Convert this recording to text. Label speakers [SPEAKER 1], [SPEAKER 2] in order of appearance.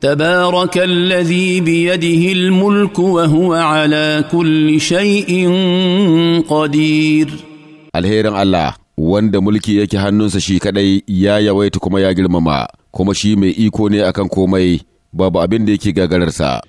[SPEAKER 1] تبارك الذي بيده mulku وهو على كل
[SPEAKER 2] شيء قدير alherin Allah wanda mulki yake hannunsa shi kaɗai ya yawaita kuma ya girmama kuma shi mai iko ne akan komai babu abin da yake gagararsa